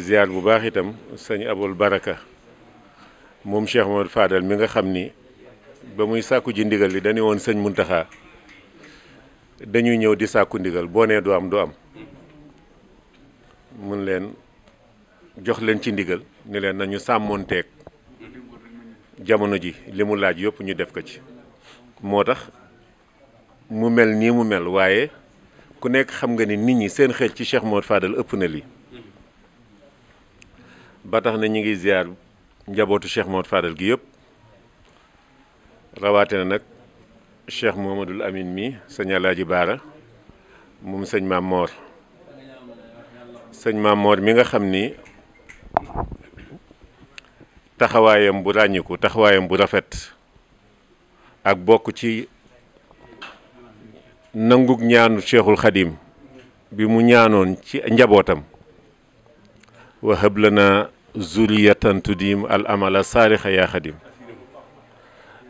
ziar bu baax itam sëñ abul baraka moom Cheikh Mamadou Fadal mi nga xam ni ba muy sàkku ji ndigal li dañu woon sëñ Muntaxa dañuy ñëw di sàkku ndigal boo nee du am du am mun leen jox leen ci ndigal ni leen nañu sàmmoonteeg jamono ji li mu laaj yëpp ñu def ko ci moo tax mu mel nii mu mel waaye ku nekk xam nga ni nit ñi seen xel ci Cheikh Mamadou faadal ëpp na lii ba tax na ñu ngi ziar njabootu cheikh Mouhamed Fadal gi yëpp rawaate na nag cheikh Mouhamadul Amin mi sëñ Alaaji Baara moom sëñ Maam sëñ Maam mi nga xam ni taxawaayam bu ràññiku taxawaayam bu rafet ak bokk ci nangug ñaanu cheikhul xadim bi mu ñaanoon ci njabootam wa hëb lana zuriyatan tudim al amala saalixa yaa xadim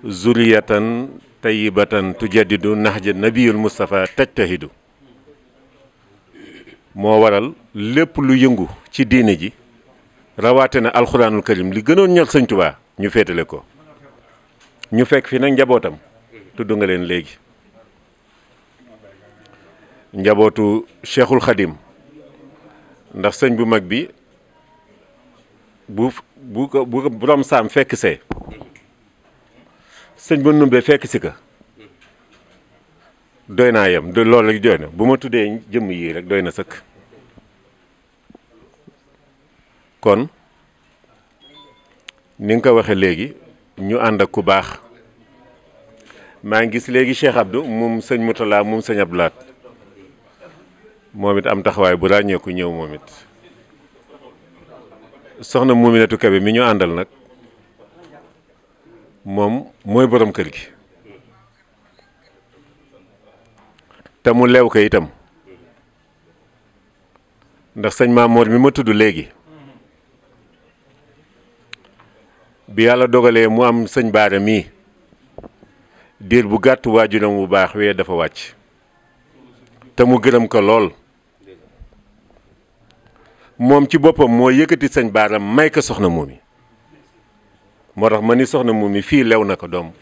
zuriyatan tayibatan tujaddidu nahja nabiyul mustafa tajtahidu moo waral lépp lu yëngu ci diine ji rawaate na alxuraanul karim li gënoon ñor sëñ tubaa ñu féetale ko ñu fekk fi nag njabootam tudd nga leen léegi njabootu cheikhul xadim ndax sëñ bu mag bi bu bu ko bu ko borom saam fekk see sëñ ba numbee fekk si ka doy naa yem de loolu rek doy na bu ma tuddee jëmm yii rek doy na sëkk kon ni nga ko waxee léegi ñu ànd ak ku baax maa ngi gis léegi Cheikh Abdou moom sëñ Moutala moom sëñ Abdoulaat moom it am taxawaay bu ràññeeku ñëw moom it soxna Mouminatou Kébé mi ñu àndal nag moom mooy borom kër gi te mu leew ko itam ndax sëñ Maamoor mi ma tudd léegi bi yàlla dogalee mu am sëñ Baara mii diir bu gàtt waajuram wu baax wee dafa wàcc te mu gërëm ko lool moom ci boppam moo yëkkati sëñ baaram may ko soxna Momy moo tax ma ni soxna Momy fii lew na ko doom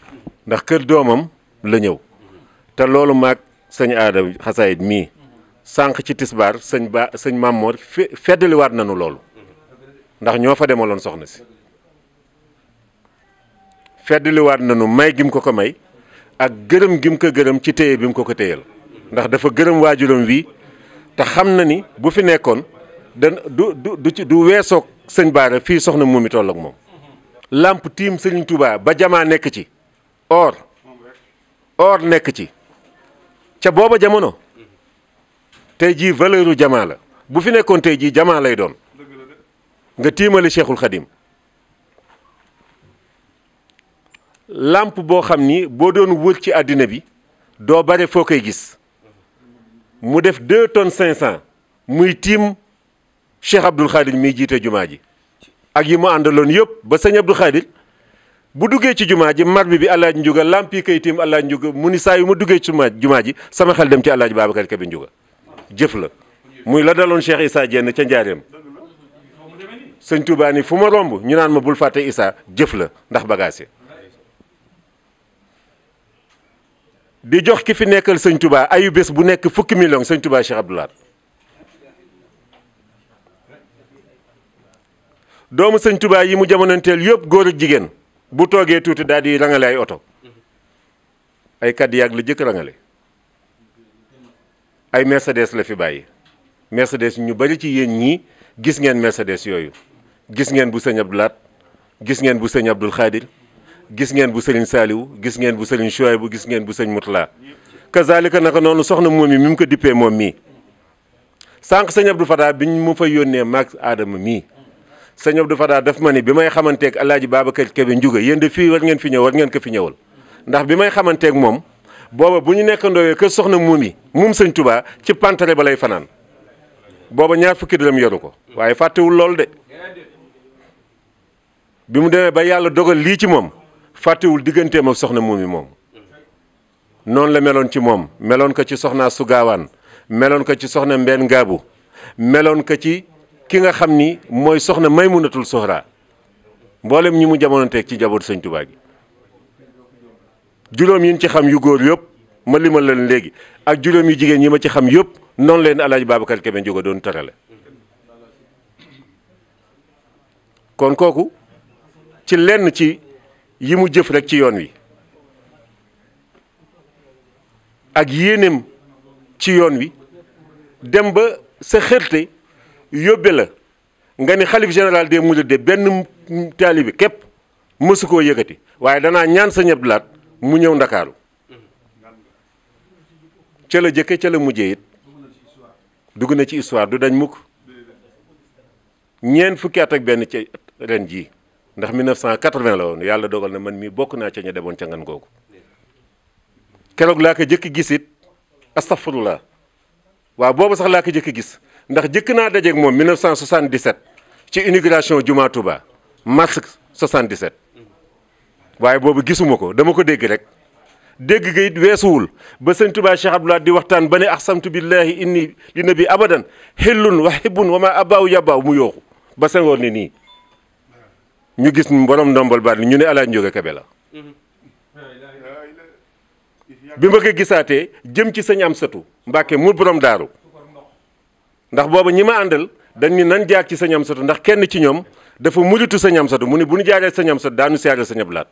ndax kër doomam la ñëw te loolu maag sëñ aada xasaayit mii sànq ci tisbaar sëñ ba sëñ Mamor fe feddaliwaat nañu loolu ndax ñoo fa demaloon soxna si feddaliwaat nañu may gim ko ko may ak gërëm gim ko gërëm ci téye bi mu ko ko téyal ndax dafa gërëm waajuram wii te xam na ni bu fi nekkoon. dan du du du ci du weesoog sëñ Baara fii soxna Momy toll moom. làmp tiim Sëriñ Touba ba jamaa nekk ci. or or nekk ci ca booba jamono tey jii valeuru jamaa la bu fi nekkoon tey jii jamaa lay doon nga tiimale Cheikhul Khadim làmp boo xam ni boo doon wër ci àddina bi doo bare foo koy gis mu def deux tonnes muy tiim. Cheikh Abdoul Khadir mii jiite jumaa ji ak yi mu àndaloon yëpp ba sëñ Abdoul Khadir bu duggee ci jumaa ji mar bi bi Alaaji Njuga lampi kayitim Alaaji Njuga mu ni saa yu ma duggee ci jumaa ji sama xel dem ci Alaaji Babacar bi Njuga jëf la muy la daloon Cheikh Issa Diène ca njaareem sëñ Touba ni fu ma romb ñu naan ma bul fàtte Issa jëf la ndax bagage di jox ki fi nekkal sëñ Touba ayu bés bu nekk fukki million sëñ Touba Cheikh Abdoulaye doomu sëñ Touba yi mu jamonoonteel yëpp góor ak jigéen bu toogee tuuti daal di rangale ay oto ay Cadillac la jëkk rangale ay Mercedes la fi bàyyi Mercedes ñu bari ci yéen ñi gis ngeen Mercedes yooyu gis ngeen bu sëñ Abdou gis ngeen bu sëñ Abdoul Khadir gis ngeen bu sëriñ Saliou gis ngeen bu sëriñ bu gis ngeen bu sëñ Moutala kazalika naka noonu soxna moom mi mi mu ko dippee moom mii sànq sëñ Abdou bi ñu mu fa yónnee maag aadama mii sëñ Abdou Fada daf ma ni bi may xamanteeg alaaji Babacar Kebe Ndiouga yéen de fii war ngeen fi ñëw war ngeen ko fi ñëwal ndax bi may xamanteeg moom booba bu ñu nekk nekkandoowee kër soxna muum yi muum sëñ Touba ci pantare ba lay fanaan booba ñaar fukki dërëm yoru ko waaye fàttewul loolu de bi mu demee ba yàlla dogal lii ci moom fàttewul digganteem ak soxna muum yi moom noonu la meloon ci moom meloon ko ci soxnaa su gaawaan meloon ko ci soxna mbenn ngaabu meloon ko ci ki nga xam ni mooy soxna Maymunatul Soxra mboolem ñi mu jamonoonteeg ci jaboot sëñ Tuubaa gi juróom yi ci xam yu góor yëpp ma limal leen léegi ak juróom yu jigéen yi ma ci xam yëpp noonu leen Alaaji Babacar Kebe jóg doon tarale kon kooku ci lenn ci yi mu jëf rek ci yoon wi ak yéeneem ci yoon wi dem ba sa xërte yóbbe la nga ni xalif général des mujj de benn taalibe képp mësu koo yëkkati waaye danaa ñaan sa ñëpp laat mu ñëw ndakaaru ca la jëkke ca la dugg na ci histoire du dañ mukk ñeent fukki at ak benn ca ren jii ndax la woon yàlla dogal na man mii bokk naa ca ña demoon ca ngan googu keroog laa ko jëkk gis it astafurlah waaw boobu sax laa ko jëkk gis ndax jëkk naa dajeeg moom 1977 ci inauguration Juma Touba mars 77 waaye boobu gisuma ko dama ko dégg rek dégg nga it weesuwul ba sëñ Touba Cheikh Abdoulaye di waxtaan ba ne axsamtu billahi inni li nabi abadan xillun wa xibbun wa ma abaaw yabaaw mu yooxu ba sengoor ni nii ñu gis borom ndombal baat ñu ne Alaaji Njóoga Kebe la bi ma ko gisaatee jëm ci sëñ am sëtu Mbàkke mu borom daaru ndax booba ñi ma àndal dañ ni nan jaar ci sëñ Amsatu ndax kenn ci ñoom dafa mujjatu sëñ Amsatu mu ni bu ñu jaaree sëñ Amsatu daanu siyaareel sëñ Ablaat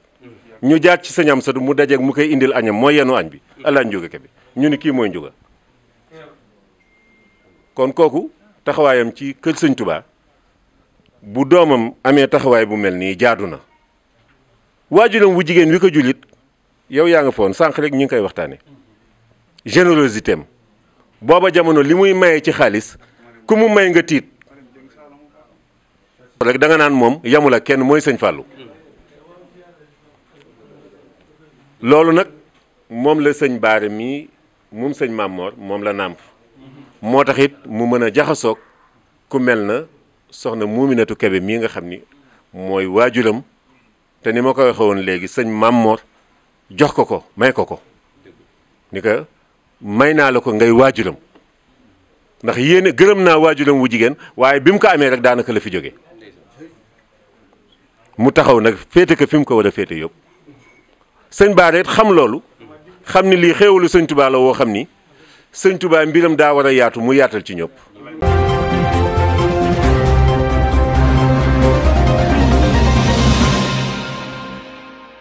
ñu jaar ci sëñ Amsatu mu dajeeg mu koy indil añam moo yenu añ bi alaa njóga ke bi ñu ni kii mooy njóga kon kooku taxawaayam ci kër sëñ Touba bu doomam amee taxawaay bu mel nii jaadu na waajuram wu jigéen wi ko jullit yow yaa ngi foon sànq rek ñu ngi koy waxtaane générosité booba jamono li muy maye ci xaalis ku mu may nga tiit rek da nga naan moom yamula kenn mooy sëñ Fallou loolu nag moom la sëñ Baara mii moom sëñ Mamor moom la nàmp moo tax it mu mën a jaxasoog ku mel na soxna Muuminatu Kebe mii nga xam ni mooy waajuram te ni ma ko waxee léegi sëñ Mamor jox ko ko may ko ko ni ko may naa la ko ngay waajuram ndax yéene gërëm naa waajuram wu jigéen waaye bi mu ko amee rek daanaka la fi jóge mu taxaw nag féete ko fi mu ko war a féete yóbbu sëñ Bara it xam loolu xam ni lii xéewalu sëñ Touba la woo xam ni sëñ Touba mbiram daa war a yaatu mu yaatal ci ñëpp.